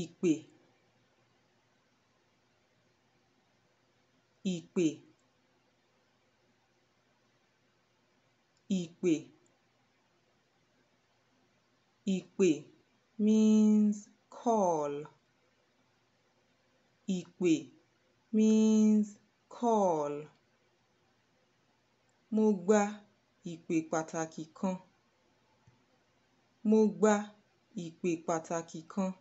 ìpè ìpè ìpè ìpè means call ìpè means call mo gba ìpè pàtàkì kan mo gba ìpè pàtàkì kan